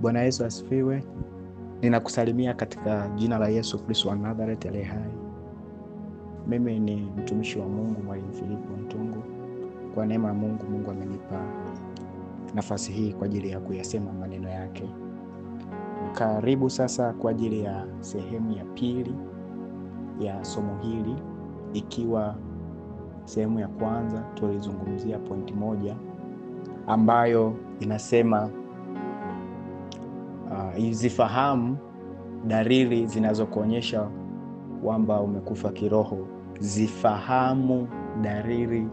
Bwana Yesu asifiwe. Ninakusalimia katika jina la Yesu Kristo wa Nazareth aliye hai. Mimi ni mtumishi wa Mungu Mwalimu Filipo Ntungu. Kwa neema ya Mungu, Mungu amenipa nafasi hii kwa ajili ya kuyasema maneno yake. Karibu sasa kwa ajili ya sehemu ya pili ya somo hili, ikiwa sehemu ya kwanza tulizungumzia pointi moja ambayo inasema zifahamu dalili zinazokuonyesha kwamba umekufa kiroho. Zifahamu dalili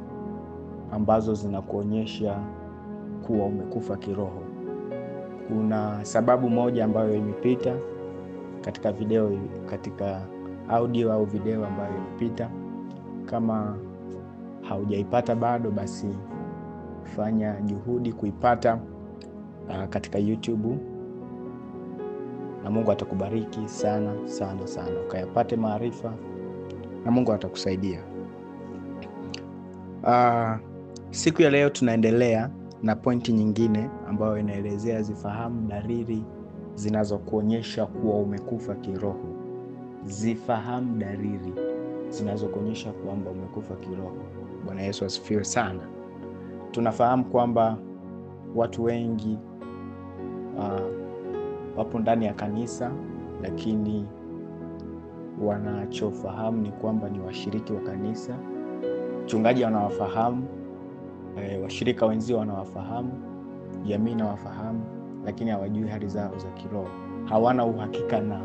ambazo zinakuonyesha kuwa umekufa kiroho. Kuna sababu moja ambayo imepita katika video, katika audio au video ambayo imepita. Kama haujaipata bado, basi fanya juhudi kuipata uh, katika YouTube na Mungu atakubariki sana sana sana, ukayapate maarifa na Mungu atakusaidia. Uh, siku ya leo tunaendelea na pointi nyingine ambayo inaelezea zifahamu dalili zinazokuonyesha kuwa umekufa kiroho. Zifahamu dalili zinazokuonyesha kwamba umekufa kiroho. Bwana Yesu asifiwe sana. Tunafahamu kwamba watu wengi uh, wapo ndani ya kanisa, lakini wanachofahamu ni kwamba ni washiriki wa kanisa. Mchungaji anawafahamu, e, eh, washirika wenzio wanawafahamu, jamii inawafahamu, lakini hawajui hali zao za kiroho, hawana uhakika na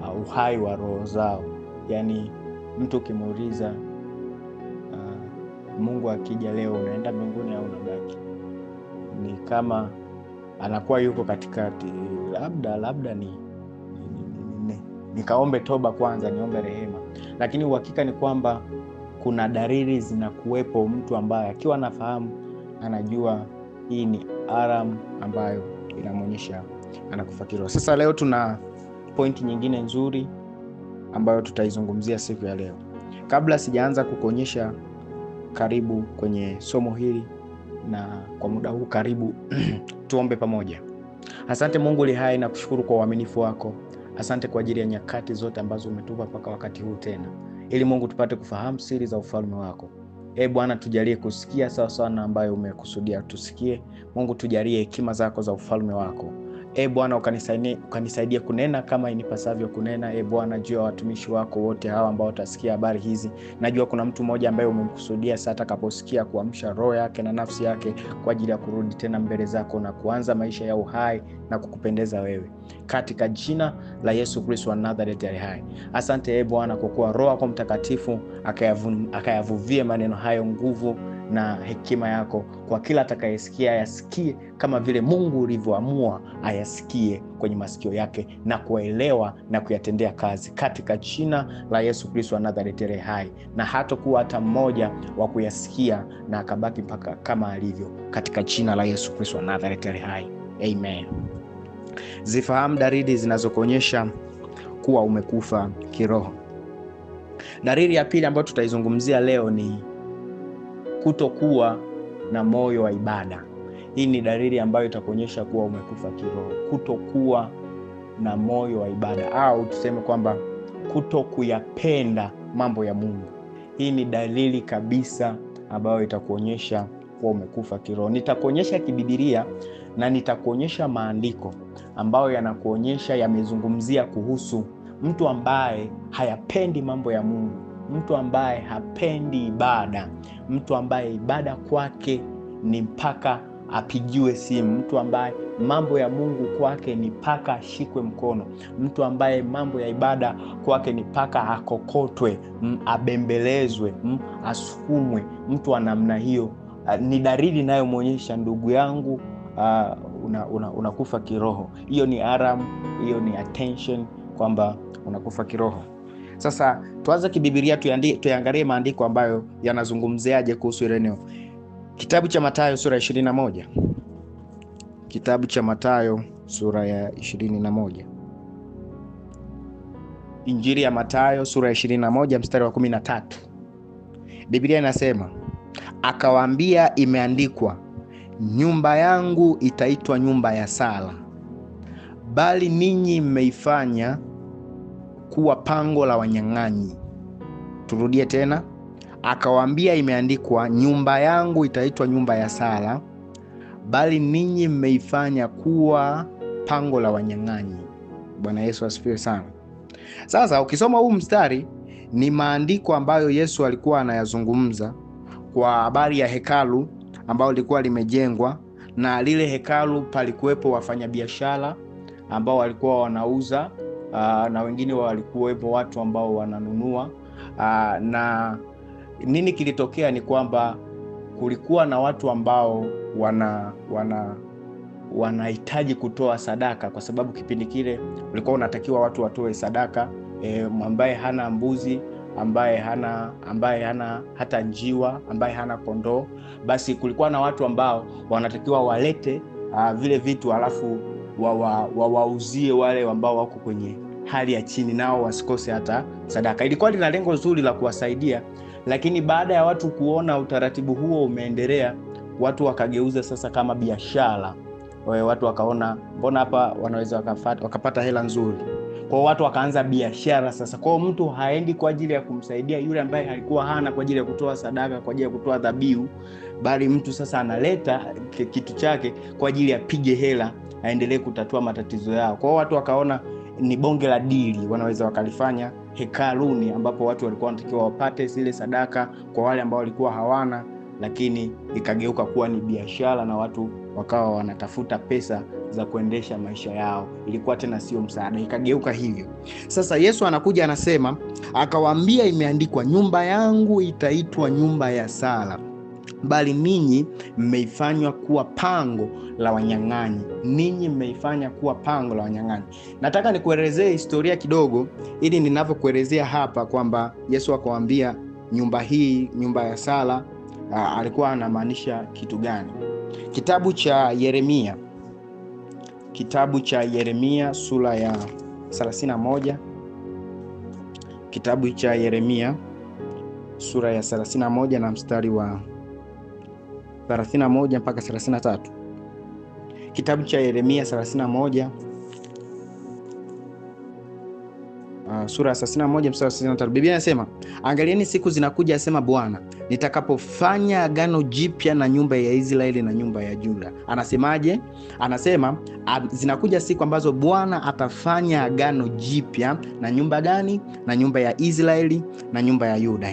uh, uhai wa roho zao. Yaani mtu ukimuuliza uh, Mungu akija leo unaenda mbinguni au unabaki, ni kama anakuwa yuko katikati, labda labda ni, ni, ni, nikaombe toba kwanza, niombe rehema. Lakini uhakika ni kwamba kuna dariri zinakuwepo, mtu ambaye akiwa anafahamu, anajua hii ni aram ambayo inamwonyesha anakufakiriwa Sasa leo tuna pointi nyingine nzuri ambayo tutaizungumzia siku ya leo. Kabla sijaanza kukuonyesha karibu kwenye somo hili, na kwa muda huu karibu tuombe pamoja. Asante Mungu li hai, na kushukuru kwa uaminifu wako. Asante kwa ajili ya nyakati zote ambazo umetupa mpaka wakati huu tena, ili Mungu tupate kufahamu siri za ufalme wako. E Bwana, tujalie kusikia sawasawa na ambayo umekusudia tusikie. Mungu, tujalie hekima zako za ufalme wako e Bwana ukanisaidia, kunena kama inipasavyo kunena. E Bwana, juu ya watumishi wako wote hawa ambao watasikia habari hizi, najua kuna mtu mmoja ambaye umemkusudia saa atakaposikia kuamsha roho yake na nafsi yake kwa ajili ya kurudi tena mbele zako na kuanza maisha ya uhai na kukupendeza wewe, katika jina la Yesu Kristo wa Nazareti ali hai. Asante e Bwana kwa kuwa Roho yako Mtakatifu akayavuvie maneno hayo nguvu na hekima yako, kwa kila atakayesikia ayasikie kama vile Mungu ulivyoamua ayasikie kwenye masikio yake na kuelewa na kuyatendea kazi katika china la Yesu Kristo anadharetere hai, na hatakuwa hata mmoja wa kuyasikia na akabaki mpaka kama alivyo, katika china la Yesu Kristo anadharetere hai, amen. Zifahamu daridi zinazokuonyesha kuwa umekufa kiroho. darili ya pili ambayo tutaizungumzia leo ni kutokuwa na moyo wa ibada. Hii ni dalili ambayo itakuonyesha kuwa umekufa kiroho, kutokuwa na moyo wa ibada, au tuseme kwamba kutokuyapenda mambo ya Mungu. Hii ni dalili kabisa ambayo itakuonyesha kuwa umekufa kiroho. Nitakuonyesha kibibilia na nitakuonyesha maandiko ambayo yanakuonyesha yamezungumzia kuhusu mtu ambaye hayapendi mambo ya Mungu mtu ambaye hapendi ibada, mtu ambaye ibada kwake ni mpaka apigiwe simu, mtu ambaye mambo ya Mungu kwake ni paka ashikwe mkono, mtu ambaye mambo ya ibada kwake ni mpaka akokotwe, abembelezwe, asukumwe, mtu wa namna hiyo ni dalili inayomwonyesha ndugu yangu, uh, unakufa una, una kiroho. Hiyo ni aram hiyo ni attention kwamba unakufa kiroho. Sasa tuanze kibibilia, tuyaangalie maandiko ambayo yanazungumziaje kuhusu ile eneo. Kitabu cha matayo sura ya 21, kitabu cha matayo sura ya 21, Injili ya matayo sura ya 21 mstari wa 13, bibilia inasema akawaambia, imeandikwa, nyumba yangu itaitwa nyumba ya sala, bali ninyi mmeifanya kuwa pango la wanyang'anyi. Turudie tena, akawaambia, imeandikwa, nyumba yangu itaitwa nyumba ya sala, bali ninyi mmeifanya kuwa pango la wanyang'anyi. Bwana Yesu asifiwe sana. Sasa ukisoma huu mstari, ni maandiko ambayo Yesu alikuwa anayazungumza kwa habari ya hekalu ambayo lilikuwa limejengwa, na lile hekalu palikuwepo wafanyabiashara ambao walikuwa wanauza uh, na wengine walikuwepo watu ambao wananunua uh, na nini kilitokea ni kwamba kulikuwa na watu ambao wana wana wanahitaji kutoa sadaka kwa sababu kipindi kile ulikuwa unatakiwa watu watoe sadaka e, ambaye hana mbuzi ambaye hana ambaye hana hata njiwa ambaye hana kondoo basi kulikuwa na watu ambao wanatakiwa walete a, ah, vile vitu alafu wawauzie wa, wa wale ambao wako kwenye hali ya chini, nao wasikose hata sadaka. Ilikuwa lina lengo zuri la kuwasaidia, lakini baada ya watu kuona utaratibu huo umeendelea, watu wakageuza sasa kama biashara. Watu wakaona mbona hapa wanaweza wakafata, wakapata hela nzuri kwao, watu wakaanza biashara sasa. Kwao mtu haendi kwa ajili ya kumsaidia yule ambaye alikuwa hana kwa ajili ya kutoa sadaka, kwa ajili ya kutoa dhabihu, bali mtu sasa analeta kitu chake kwa ajili ya pige hela aendelee kutatua matatizo yao. Kwao watu wakaona ni bonge la dili wanaweza wakalifanya hekaluni, ambapo watu walikuwa wanatakiwa wapate zile sadaka kwa wale ambao walikuwa hawana, lakini ikageuka kuwa ni biashara na watu wakawa wanatafuta pesa za kuendesha maisha yao. Ilikuwa tena sio msaada, ikageuka hivyo. Sasa Yesu anakuja anasema, akawaambia, imeandikwa, nyumba yangu itaitwa nyumba ya sala bali ninyi mmeifanywa kuwa pango la wanyang'anyi. Ninyi mmeifanya kuwa pango la wanyang'anyi. Nataka nikuelezee historia kidogo, ili ninavyokuelezea hapa kwamba Yesu akawaambia nyumba hii, nyumba ya sala, alikuwa anamaanisha kitu gani? Kitabu cha Yeremia, kitabu cha Yeremia sura ya 31, kitabu cha Yeremia sura ya 31 na mstari wa 31 mpaka 33. Kitabu cha Yeremia 31 Uh, sura ya 31 mstari wa Biblia inasema angalieni, siku zinakuja, asema Bwana, nitakapofanya agano jipya na nyumba ya Israeli na nyumba ya Juda. Anasemaje? Anasema zinakuja siku ambazo Bwana atafanya agano jipya na nyumba gani? Na nyumba ya Israeli na nyumba ya Yuda.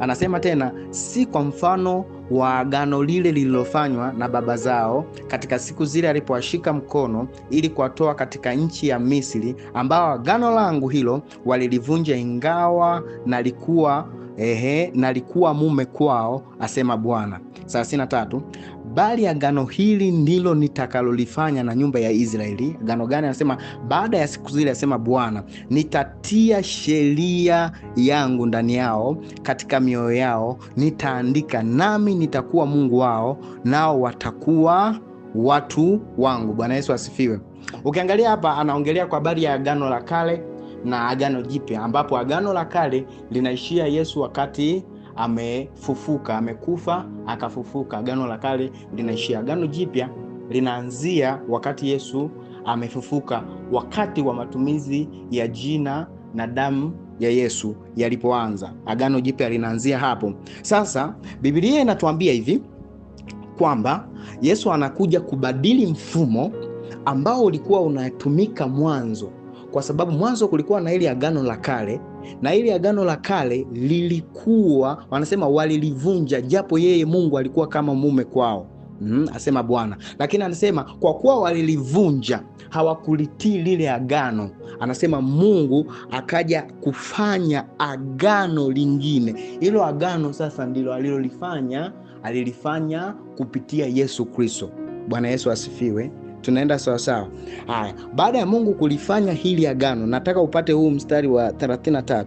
Anasema tena si kwa mfano wa agano lile lililofanywa na baba zao katika siku zile alipowashika mkono ili kuwatoa katika nchi ya Misri, ambao agano langu hilo walilivunja, ingawa nalikuwa ehe, nalikuwa mume kwao, asema Bwana. thelathini tatu bali agano hili ndilo nitakalolifanya na nyumba ya Israeli. Agano gani? Anasema baada ya siku zile, asema Bwana, nitatia sheria yangu ndani yao, katika mioyo yao nitaandika, nami nitakuwa Mungu wao, nao watakuwa watu wangu. Bwana Yesu asifiwe. Ukiangalia hapa, anaongelea kwa habari ya agano la kale na agano jipya ambapo agano la kale linaishia yesu wakati amefufuka amekufa akafufuka agano la kale linaishia agano jipya linaanzia wakati yesu amefufuka wakati wa matumizi ya jina na damu ya yesu yalipoanza agano jipya linaanzia hapo sasa bibilia inatuambia hivi kwamba yesu anakuja kubadili mfumo ambao ulikuwa unatumika mwanzo kwa sababu mwanzo kulikuwa na ili agano la kale, na ili agano la kale lilikuwa wanasema walilivunja, japo yeye Mungu alikuwa kama mume kwao. Mm, asema Bwana. Lakini anasema kwa kuwa walilivunja, hawakulitii lile agano, anasema Mungu akaja kufanya agano lingine. Hilo agano sasa ndilo alilolifanya, alilifanya kupitia Yesu Kristo. Bwana Yesu asifiwe tunaenda sawasawa haya baada ya mungu kulifanya hili agano nataka upate huu mstari wa 33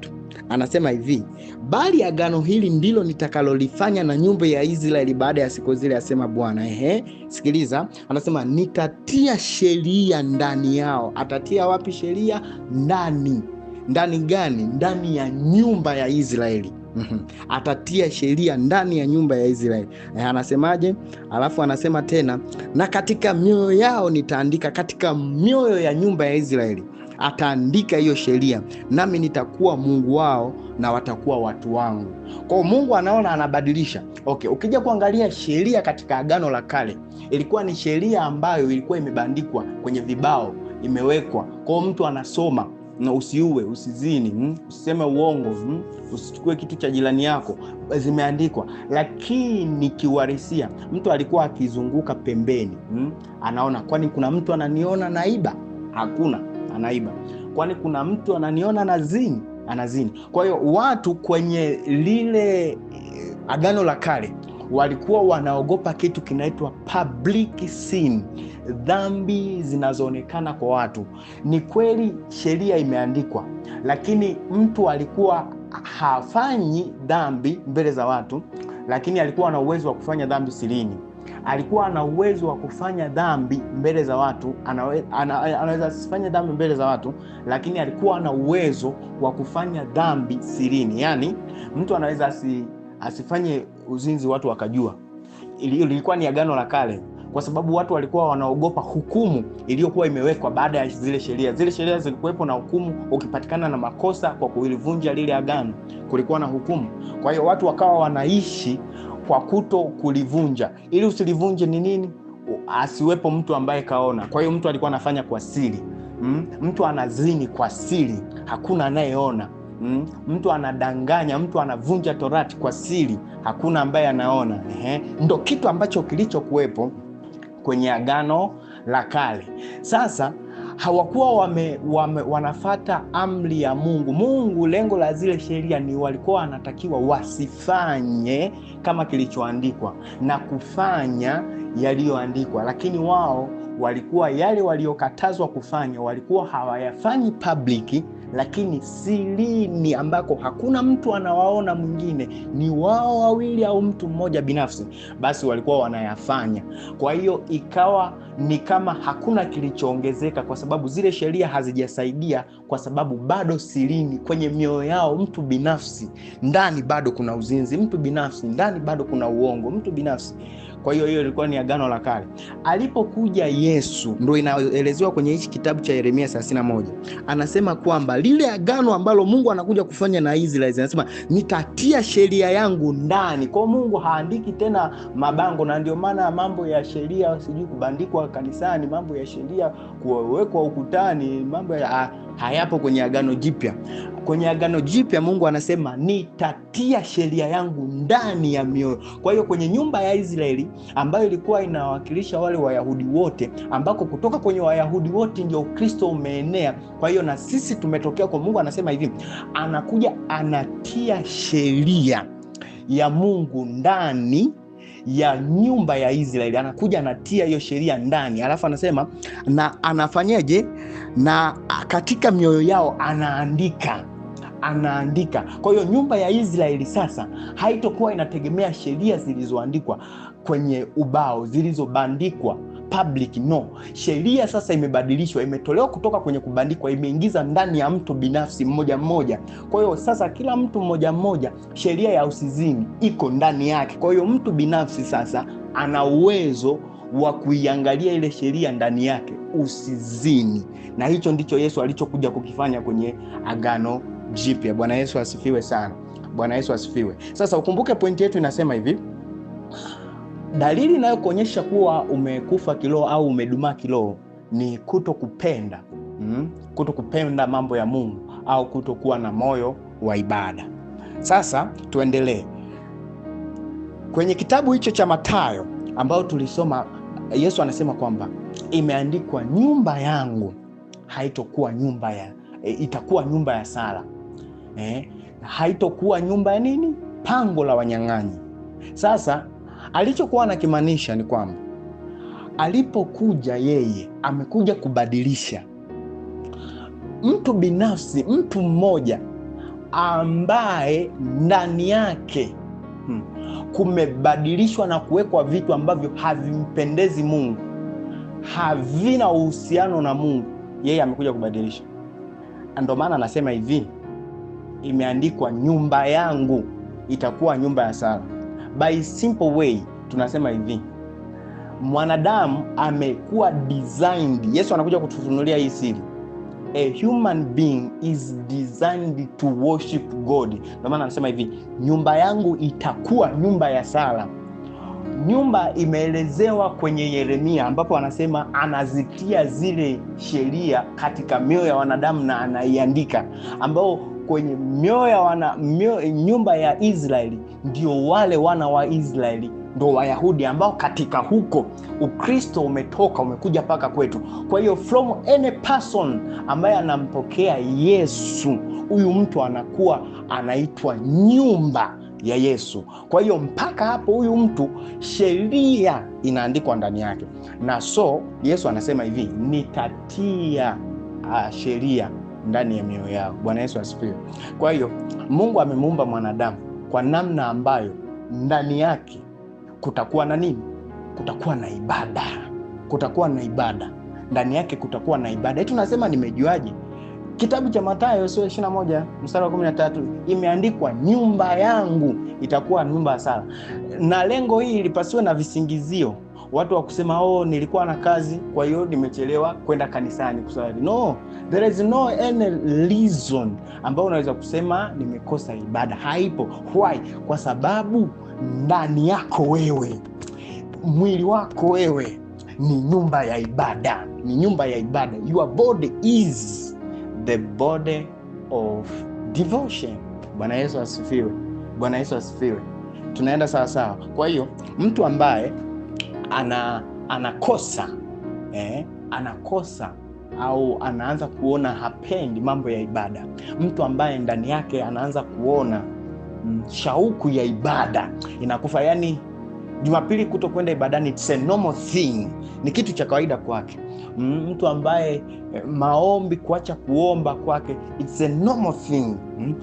anasema hivi bali agano hili ndilo nitakalolifanya na nyumba ya israeli baada ya siku zile asema bwana ehe sikiliza anasema nitatia sheria ndani yao atatia wapi sheria ndani ndani gani ndani ya nyumba ya israeli atatia sheria ndani ya nyumba ya Israeli. E, anasemaje? Alafu anasema tena, na katika mioyo yao nitaandika, katika mioyo ya nyumba ya Israeli ataandika hiyo sheria, nami nitakuwa Mungu wao na watakuwa watu wangu. Kwa Mungu anaona anabadilisha. Okay, ukija kuangalia sheria katika Agano la Kale ilikuwa ni sheria ambayo ilikuwa imebandikwa kwenye vibao, imewekwa kwao, mtu anasoma na usiue usizini mm? usiseme uongo mm? usichukue kitu cha jirani yako zimeandikwa lakini kiwarisia mtu alikuwa akizunguka pembeni mm? anaona kwani kuna mtu ananiona naiba hakuna anaiba kwani kuna mtu ananiona nazini anazini kwa hiyo watu kwenye lile eh, agano la kale walikuwa wanaogopa kitu kinaitwa public sin, dhambi zinazoonekana kwa watu. Ni kweli sheria imeandikwa, lakini mtu alikuwa hafanyi dhambi mbele za watu, lakini alikuwa na uwezo wa kufanya dhambi sirini alikuwa ana uwezo wa kufanya dhambi mbele za watu anaweza asifanye dhambi mbele za watu, lakini alikuwa ana uwezo wa kufanya dhambi sirini. Yaani mtu anaweza si asifanye uzinzi watu wakajua. lilikuwa ni agano la kale kwa sababu watu walikuwa wanaogopa hukumu iliyokuwa imewekwa baada ya zile sheria. Zile sheria zilikuwepo na hukumu, ukipatikana na makosa kwa kulivunja lile agano kulikuwa na hukumu. Kwa hiyo watu wakawa wanaishi kwa kuto kulivunja. Ili usilivunje ni nini? Asiwepo mtu ambaye kaona. Kwa hiyo mtu alikuwa anafanya kwa siri mm? Mtu anazini kwa siri, hakuna anayeona Mm, mtu anadanganya, mtu anavunja torati kwa siri, hakuna ambaye anaona. eh? ndo kitu ambacho kilichokuwepo kwenye agano la kale. Sasa hawakuwa wame, wame, wanafata amri ya Mungu. Mungu, lengo la zile sheria ni walikuwa wanatakiwa wasifanye kama kilichoandikwa na kufanya yaliyoandikwa, lakini wao walikuwa yale waliokatazwa kufanya walikuwa hawayafanyi public lakini sirini, ambako hakuna mtu anawaona mwingine, ni wao wawili au mtu mmoja binafsi, basi walikuwa wanayafanya. Kwa hiyo ikawa ni kama hakuna kilichoongezeka, kwa sababu zile sheria hazijasaidia, kwa sababu bado sirini, kwenye mioyo yao, mtu binafsi ndani bado kuna uzinzi, mtu binafsi ndani bado kuna uongo, mtu binafsi kwa hiyo hiyo ilikuwa ni agano la kale. Alipokuja Yesu, ndo inaelezewa kwenye hichi kitabu cha Yeremia 31, anasema kwamba lile agano ambalo Mungu anakuja kufanya na Israeli, anasema nitatia sheria yangu ndani kwao. Mungu haandiki tena mabango, na ndio maana mambo ya sheria sijui kubandikwa kanisani, mambo ya sheria kuwekwa ukutani mambo ya hayapo kwenye agano jipya kwenye agano jipya mungu anasema nitatia sheria yangu ndani ya mioyo kwa hiyo kwenye nyumba ya israeli ambayo ilikuwa inawakilisha wale wayahudi wote ambako kutoka kwenye wayahudi wote ndio ukristo umeenea kwa hiyo na sisi tumetokea kwa mungu anasema hivi anakuja anatia sheria ya mungu ndani ya nyumba ya Israeli, anakuja anatia hiyo sheria ndani, alafu anasema na anafanyeje, na katika mioyo yao anaandika anaandika. Kwa hiyo nyumba ya Israeli sasa haitokuwa inategemea sheria zilizoandikwa kwenye ubao zilizobandikwa public no sheria sasa imebadilishwa imetolewa kutoka kwenye kubandikwa imeingiza ndani ya mtu binafsi mmoja mmoja kwa hiyo sasa kila mtu mmoja mmoja sheria ya usizini iko ndani yake kwa hiyo mtu binafsi sasa ana uwezo wa kuiangalia ile sheria ndani yake usizini na hicho ndicho yesu alichokuja kukifanya kwenye agano jipya bwana yesu asifiwe sana bwana yesu asifiwe sasa ukumbuke pointi yetu inasema hivi dalili inayokuonyesha kuwa umekufa kiloo au umedumaa kiloo ni kuto kupenda mm, kuto kupenda mambo ya Mungu au kutokuwa na moyo wa ibada. Sasa tuendelee kwenye kitabu hicho cha matayo ambayo tulisoma. Yesu anasema kwamba imeandikwa, nyumba yangu haitokuwa nyumba ya e, itakuwa nyumba ya sala e, haitokuwa nyumba ya nini, pango la wanyang'anyi. Sasa Alichokuwa anakimaanisha ni kwamba alipokuja yeye amekuja kubadilisha mtu binafsi, mtu mmoja ambaye ndani yake hmm, kumebadilishwa na kuwekwa vitu ambavyo havimpendezi Mungu, havina uhusiano na Mungu. Yeye amekuja kubadilisha, ndio maana anasema hivi, imeandikwa, nyumba yangu itakuwa nyumba ya sala by simple way tunasema hivi mwanadamu amekuwa designed yesu anakuja kutufunulia hii siri a human being is designed to worship god ndio maana anasema hivi nyumba yangu itakuwa nyumba ya sala nyumba imeelezewa kwenye yeremia ambapo anasema anazitia zile sheria katika mioyo ya wanadamu na anaiandika ambao kwenye mioyo ya wana mioyo, nyumba ya Israeli ndio wale wana wa Israeli ndo Wayahudi ambao katika huko Ukristo umetoka umekuja mpaka kwetu. Kwa hiyo from any person ambaye anampokea Yesu, huyu mtu anakuwa anaitwa nyumba ya Yesu. Kwa hiyo mpaka hapo huyu mtu sheria inaandikwa ndani yake, na so Yesu anasema hivi, nitatia uh, sheria ndani ya mioyo yao. Bwana Yesu asifiwe. Kwa hiyo Mungu amemuumba mwanadamu kwa namna ambayo ndani yake kutakuwa na nini? Kutakuwa na ibada, kutakuwa na ibada ndani yake, kutakuwa na ibada. Hii tunasema nimejuaje? Kitabu cha Mathayo sura ishirini na moja mstari wa kumi na tatu imeandikwa nyumba yangu itakuwa nyumba ya sala, na lengo hii ilipasiwa na visingizio watu wa kusema oh, nilikuwa na kazi, kwa hiyo nimechelewa kwenda kanisani kusali. No, there is no any reason ambayo unaweza kusema nimekosa ibada. Haipo. Why? Kwa sababu ndani yako wewe, mwili wako wewe ni nyumba ya ibada, ni nyumba ya ibada. Your body is the body of devotion. Bwana Yesu asifiwe. Bwana Yesu asifiwe. Tunaenda sawasawa. Kwa hiyo mtu ambaye ana anakosa eh, anakosa au anaanza kuona hapendi mambo ya ibada. Mtu ambaye ndani yake anaanza kuona mm, shauku ya ibada inakufa. Yani Jumapili kuto kwenda ibadani, it's a normal thing, ni kitu cha kawaida kwake. Mm, mtu ambaye eh, maombi, kuacha kuomba kwake, it's a normal thing mm,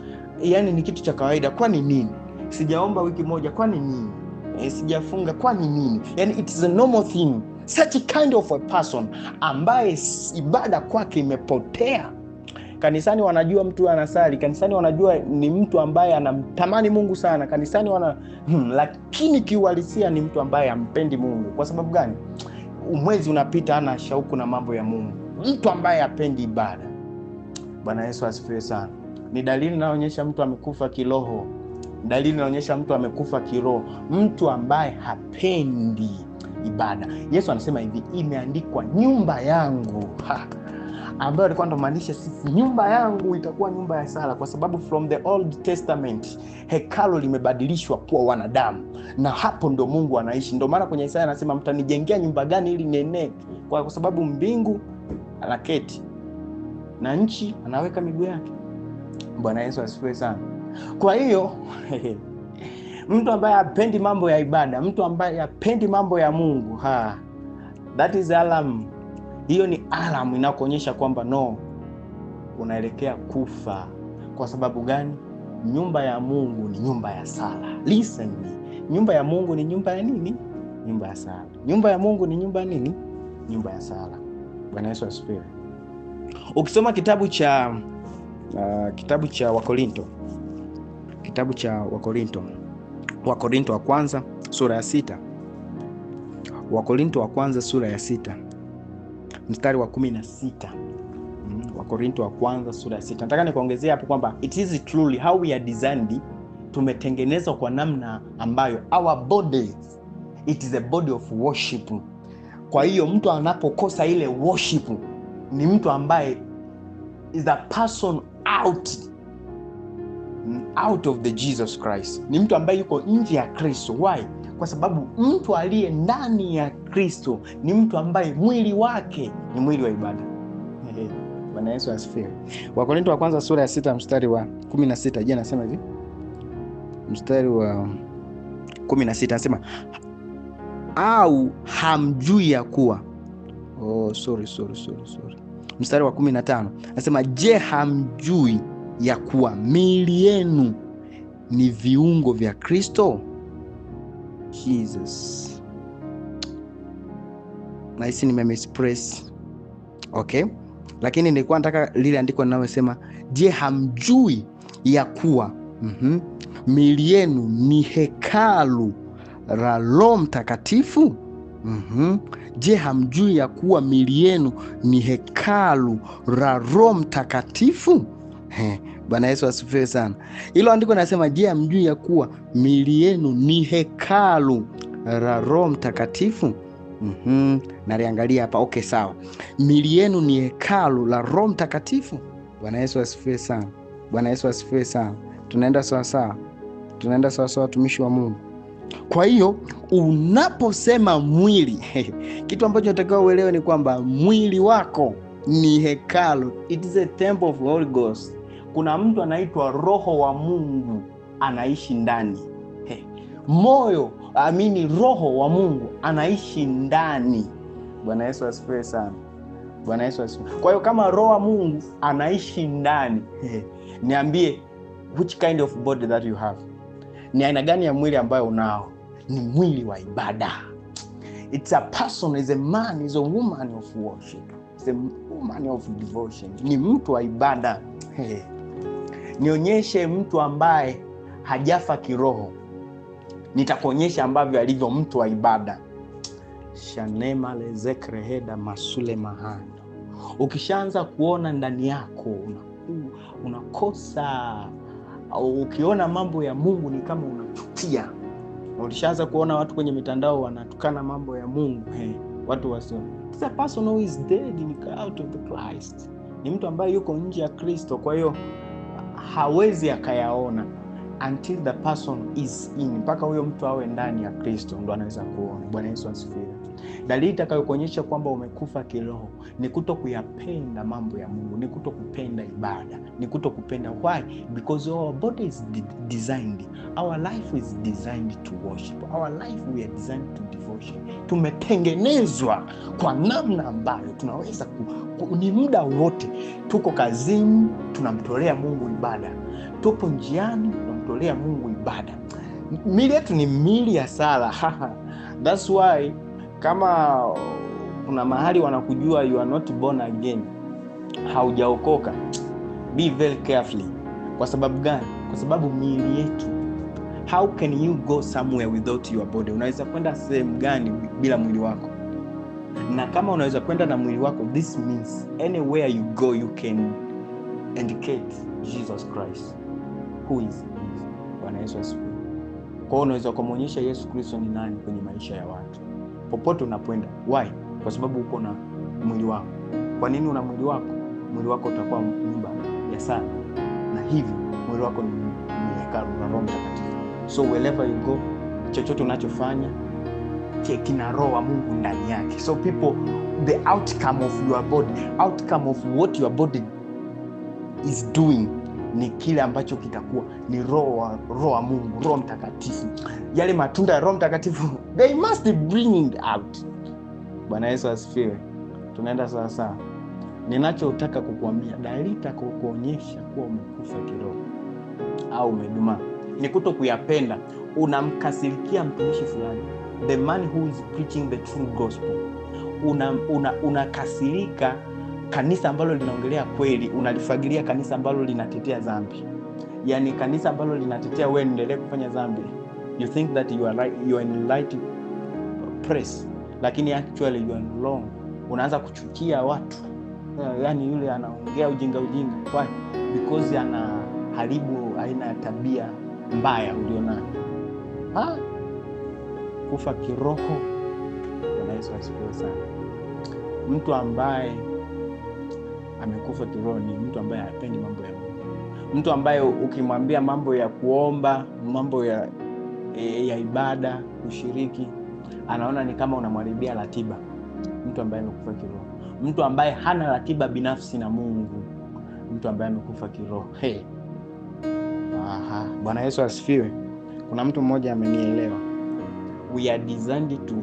yani ni kitu cha kawaida. Kwani nini sijaomba wiki moja? Kwani nini Eh, sijafunga kwani nini yani it is a normal thing such a kind of a person ambaye ibada kwake imepotea kanisani wanajua mtu anasali kanisani wanajua ni mtu ambaye anamtamani mungu sana kanisani wana hmm, lakini kiuhalisia ni mtu ambaye ampendi mungu kwa sababu gani mwezi unapita ana shauku na mambo ya mungu mtu ambaye apendi ibada bwana yesu asifiwe sana ni dalili inayoonyesha mtu amekufa kiroho dalili inaonyesha mtu amekufa kiroho, mtu ambaye hapendi ibada. Yesu anasema hivi, imeandikwa nyumba yangu ha ambayo alikuwa ndomaanisha sisi, nyumba yangu itakuwa nyumba ya sala, kwa sababu from the Old Testament hekalo limebadilishwa kuwa wanadamu, na hapo ndo Mungu anaishi. Ndo maana kwenye Isaya anasema mtanijengea nyumba gani ili nienee? Kwa sababu mbingu anaketi na nchi anaweka miguu yake. Bwana Yesu asifue sana. Kwa hiyo mtu ambaye apendi mambo ya ibada, mtu ambaye apendi mambo ya Mungu ha. That is alarm. Hiyo ni alam inakuonyesha kwamba no, unaelekea kufa. Kwa sababu gani? Nyumba ya Mungu ni nyumba ya sala. Listen me. Nyumba ya Mungu ni nyumba ya nini? Nyumba ya sala. Nyumba ya Mungu ni nyumba ya nini? Nyumba ya sala. Bwana Yesu asifiwe. Ukisoma kitabu cha uh, kitabu cha Wakorinto kitabu cha Wakorinto, Wakorinto wa kwanza sura ya sita, Wakorinto wa kwanza sura ya sita mstari wa kumi na sita. Mm, Wakorinto wa kwanza sura ya sita. Nataka nikuongezea hapo kwamba it is truly how we are designed, tumetengenezwa kwa namna ambayo our bodies, it is a body of worship. Kwa hiyo mtu anapokosa ile worship ni mtu ambaye is a person out out of the jesus christ ni mtu ambaye yuko nje ya kristo why kwa sababu mtu aliye ndani ya kristo ni mtu ambaye mwili wake ni mwili wa ibada bwana yesu asifiwe wakorinto wa kwanza sura ya sita mstari wa kumi na sita je anasema hivi mstari wa kumi na sita anasema au hamjui ya kuwa oh, sorry, sorry, sorry, sorry. mstari wa kumi na tano anasema je hamjui ya kuwa miili yenu ni viungo vya Kristo? Jesus. Nahisi nimemexpress okay, lakini nilikuwa nataka lile andiko linalosema je, hamjui ya kuwa mm -hmm, miili yenu ni hekalu la Roho Mtakatifu? mm -hmm. Je, hamjui ya kuwa miili yenu ni hekalu la Roho Mtakatifu Bwana Yesu asifiwe sana. Hilo andiko nasema, je, amjui ya kuwa miili yenu ni hekalu la Roho Mtakatifu? mm -hmm. Naliangalia hapa. Okay, sawa, miili yenu ni hekalu la Roho Mtakatifu. Bwana Yesu asifiwe sana. Bwana Yesu asifiwe sana. Tunaenda sawasawa, tunaenda sawasawa, watumishi wa Mungu. Kwa hiyo unaposema mwili kitu ambacho natakiwa uelewe ni kwamba mwili wako ni hekalu, it is a temple of Holy Ghost kuna mtu anaitwa roho wa Mungu anaishi ndani He. moyo amini, roho wa Mungu anaishi ndani. Bwana Yesu asifiwe sana. Bwana Yesu asifiwe. Kwa hiyo kama roho wa Mungu anaishi ndani, niambie which kind of body that you have, ni aina gani ya mwili ambayo unao? Ni mwili wa ibada. It's a person, is a man, is a woman of worship, is a woman of devotion. Ni mtu wa ibada hey nionyeshe mtu ambaye hajafa kiroho, nitakuonyesha ambavyo alivyo mtu wa ibada. lezekreheda masule mahando. Ukishaanza kuona ndani yako unakosa, ukiona mambo ya Mungu ni kama unachukia. Ulishaanza kuona watu kwenye mitandao wanatukana mambo ya Mungu hey, watu wasio ni mtu ambaye yuko nje ya Kristo, kwa hiyo hawezi akayaona until the person is in, mpaka huyo mtu awe ndani ya Kristo ndo anaweza kuona. Bwana Yesu asifiwe. Dalili itakayokuonyesha kwamba umekufa kiroho ni kuto kuyapenda mambo ya Mungu, ni kuto kupenda ibada, ni kuto kupenda. Why? Because our body is designed, our life is designed to worship, our life we are designed to devotion. Tumetengenezwa kwa namna ambayo tunaweza ku, ku, ni muda wote tuko kazini tunamtolea Mungu ibada, tupo njiani tunamtolea Mungu ibada. Mili yetu ni mili ya sala. That's why kama kuna mahali wanakujua you are not born again haujaokoka be very carefully kwa sababu gani kwa sababu miili yetu how can you go somewhere without your body unaweza kwenda sehemu gani bila mwili wako na kama unaweza kwenda na mwili wako this means anywhere you go you can indicate jesus christ who is bwana yesu asifiwe kwao unaweza ukamwonyesha yesu kristo ni nani kwenye maisha ya watu popote unapoenda. Why? Kwa sababu uko na mwili wako. Kwa nini una mwili wako? Mwili wako utakuwa nyumba ya sala, na hivyo mwili wako ni hekalu la Roho Mtakatifu. So wherever you go, chochote unachofanya kina roho wa Mungu ndani yake. So people, the outcome of your body, outcome of what your body is doing ni kile ambacho kitakuwa ni roho wa roho wa Mungu, Roho Mtakatifu. Yale matunda ya Roho Mtakatifu they must bring out. Bwana Yesu asifiwe. Tunaenda sawa sawa. Ninachotaka kukuambia dalita kuonyesha kuwa umekufa kiroho au umeduma ni kuto kuyapenda, unamkasirikia mtumishi fulani, the man who is preaching the true gospel, unakasirika una, una kanisa ambalo linaongelea kweli unalifagilia kanisa ambalo linatetea zambi yani kanisa ambalo linatetea wewe endelee kufanya zambi you think that you are right, you are in right press lakini actually you are wrong unaanza kuchukia watu yani yule anaongea ujinga ujinga kwa because ana haribu aina ya tabia mbaya ulionayo kufa kiroho anaweza yesu sana mtu ambaye amekufa kiroho ni mtu ambaye hapendi mambo ya Mungu, mtu ambaye ukimwambia mambo ya kuomba, mambo ya, e, ya ibada, kushiriki, anaona ni kama unamwaribia ratiba. Mtu ambaye amekufa kiroho, mtu ambaye hana ratiba binafsi na Mungu, mtu ambaye amekufa kiroho. Hey. Aha. Bwana Yesu asifiwe. Kuna mtu mmoja amenielewa. We are designed to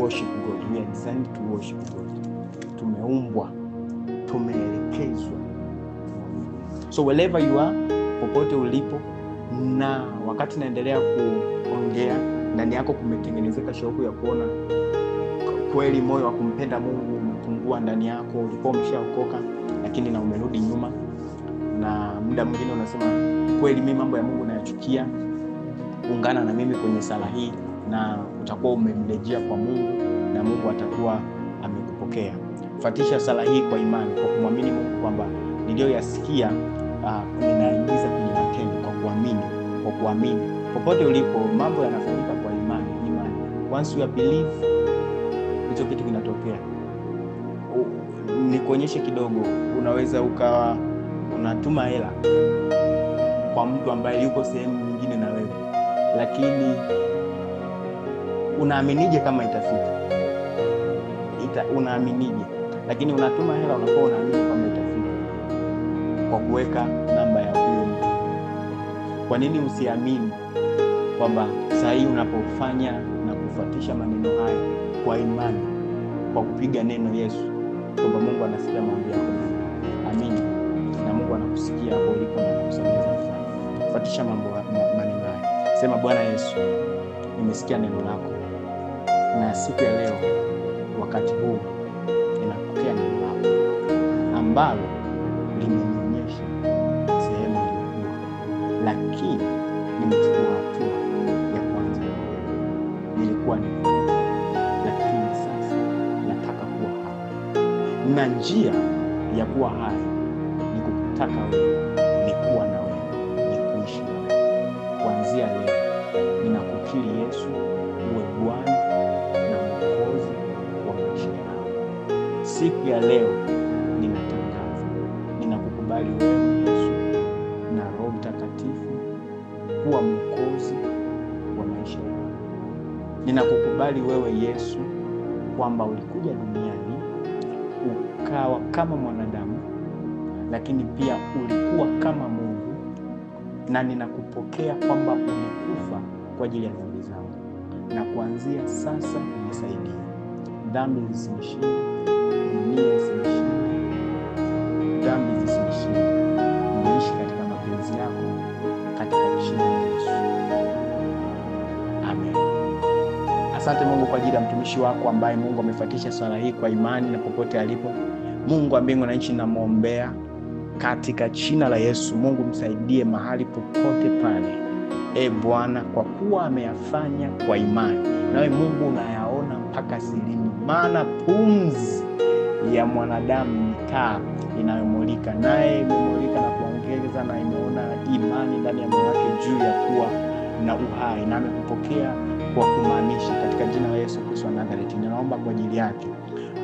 worship God. We are designed to worship God. Tumeumbwa tumeelekezwa. So wherever you are, popote ulipo, na wakati naendelea kuongea, ndani yako kumetengenezeka shauku ya kuona kweli, moyo wa kumpenda Mungu umepungua ndani yako, ulikuwa umeshaokoka lakini na umerudi nyuma, na muda mwingine unasema kweli, mi mambo ya Mungu nayachukia. Ungana na mimi kwenye sala hii na utakuwa umemrejea kwa Mungu na Mungu atakuwa amekupokea fatisha sala hii kwa imani, kwa kumwamini Mungu kwamba niliyoyasikia uh, ninaingiza kwenye matendo kwa kuamini, kwa kuamini. Popote ulipo, mambo yanafanyika kwa imani. Imani, once you believe, hicho kitu kinatokea. Nikuonyeshe kidogo, unaweza ukawa unatuma hela kwa mtu ambaye yuko sehemu nyingine na wewe, lakini unaaminije kama itafika? Ita, unaaminije lakini unatuma hela unakuwa unaamini kwamba itafika kwa kuweka namba ya huyo mtu. Kwa nini usiamini kwamba saa hii unapofanya na kufuatisha maneno haya kwa imani, kwa kupiga neno Yesu, kwamba Mungu anasikia maombi yako, amini na Mungu anakusikia hapo ulipo na kukusaidia. Fuatisha mambo maneno haya, sema: Bwana Yesu, nimesikia neno lako na siku ya leo wakati huu ambalo limenionyesha sehemu iliyokuwa, lakini nimechukua hatua ya kwanza. Nilikuwa ni lakini sasa nataka kuwa hai, na njia ya kuwa hai ni kukutaka wewe, ni kuwa na wewe, ni kuishi na wewe. Kuanzia leo ninakukiri Yesu uwe Bwana na Mwokozi wa maisha yangu siku ya leo Ninakukubali wewe Yesu kwamba ulikuja duniani ukawa kama mwanadamu, lakini pia ulikuwa kama Mungu, na ninakupokea kwamba ulikufa kwa ajili ya dhambi zangu, na kuanzia sasa nisaidie, dhambi zisinishinde, dunia isinishinda Asante Mungu kwa ajili ya mtumishi wako ambaye Mungu amefatisha swala hii kwa imani na popote alipo. Mungu wa mbingu na nchi, namwombea katika jina la Yesu. Mungu msaidie mahali popote pale, e Bwana, kwa kuwa ameyafanya kwa imani, nawe Mungu unayaona mpaka silini, maana pumzi ya mwanadamu ni taa inayomulika, naye imemulika na kuongeza, na imeona imani ndani ya moyo wake juu ya kuwa na uhai, na amekupokea kwa kumaanisha katika jina la Yesu Kristo wa Nazareti. Ninaomba kwa ajili yake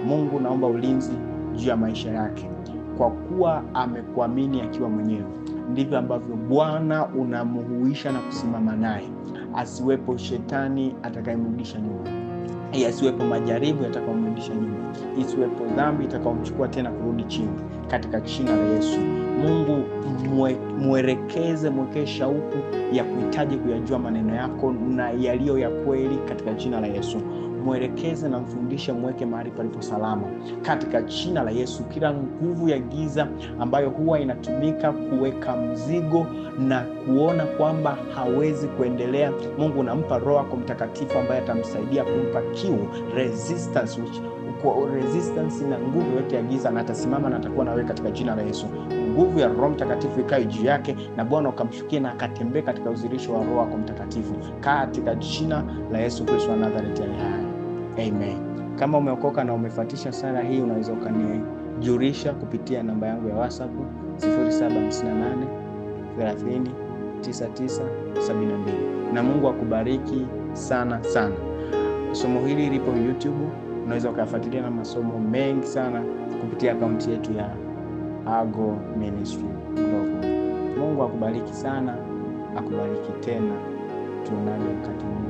Mungu, naomba ulinzi juu ya maisha yake, kwa kuwa amekuamini akiwa mwenyewe. Ndivyo ambavyo Bwana unamhuisha na kusimama naye, asiwepo shetani atakayemrudisha nyuma yasiwepo majaribu yatakayomrudisha nyuma, isiwepo dhambi itakayomchukua tena kurudi chini, katika jina la Yesu. Mungu mwe, mwerekeze, mwekee shauku ya kuhitaji kuyajua maneno yako na yaliyo ya kweli katika jina la Yesu mwelekeze na mfundishe, mweke mahali palipo salama katika jina la Yesu. Kila nguvu ya giza ambayo huwa inatumika kuweka mzigo na kuona kwamba hawezi kuendelea, Mungu unampa roa kwa Mtakatifu ambaye atamsaidia kumpa kiu, resistance resistance na nguvu yote ya giza, na atasimama na atakuwa na katika jina la Yesu nguvu ya roho mtakatifu ikae juu yake na bwana ukamshukia na akatembee katika uzirisho wa roho wako mtakatifu katika jina la yesu kristo wa nazareti ali hai amen kama umeokoka na umefatisha sara hii unaweza ukanijurisha kupitia namba yangu ya whatsapp 758 na mungu akubariki sana sana somo hili lipo youtube unaweza ukayafuatilia na masomo mengi sana kupitia akaunti yetu ya Ago Ministry Global. Mungu akubariki sana, akubariki tena. Tuonane wakati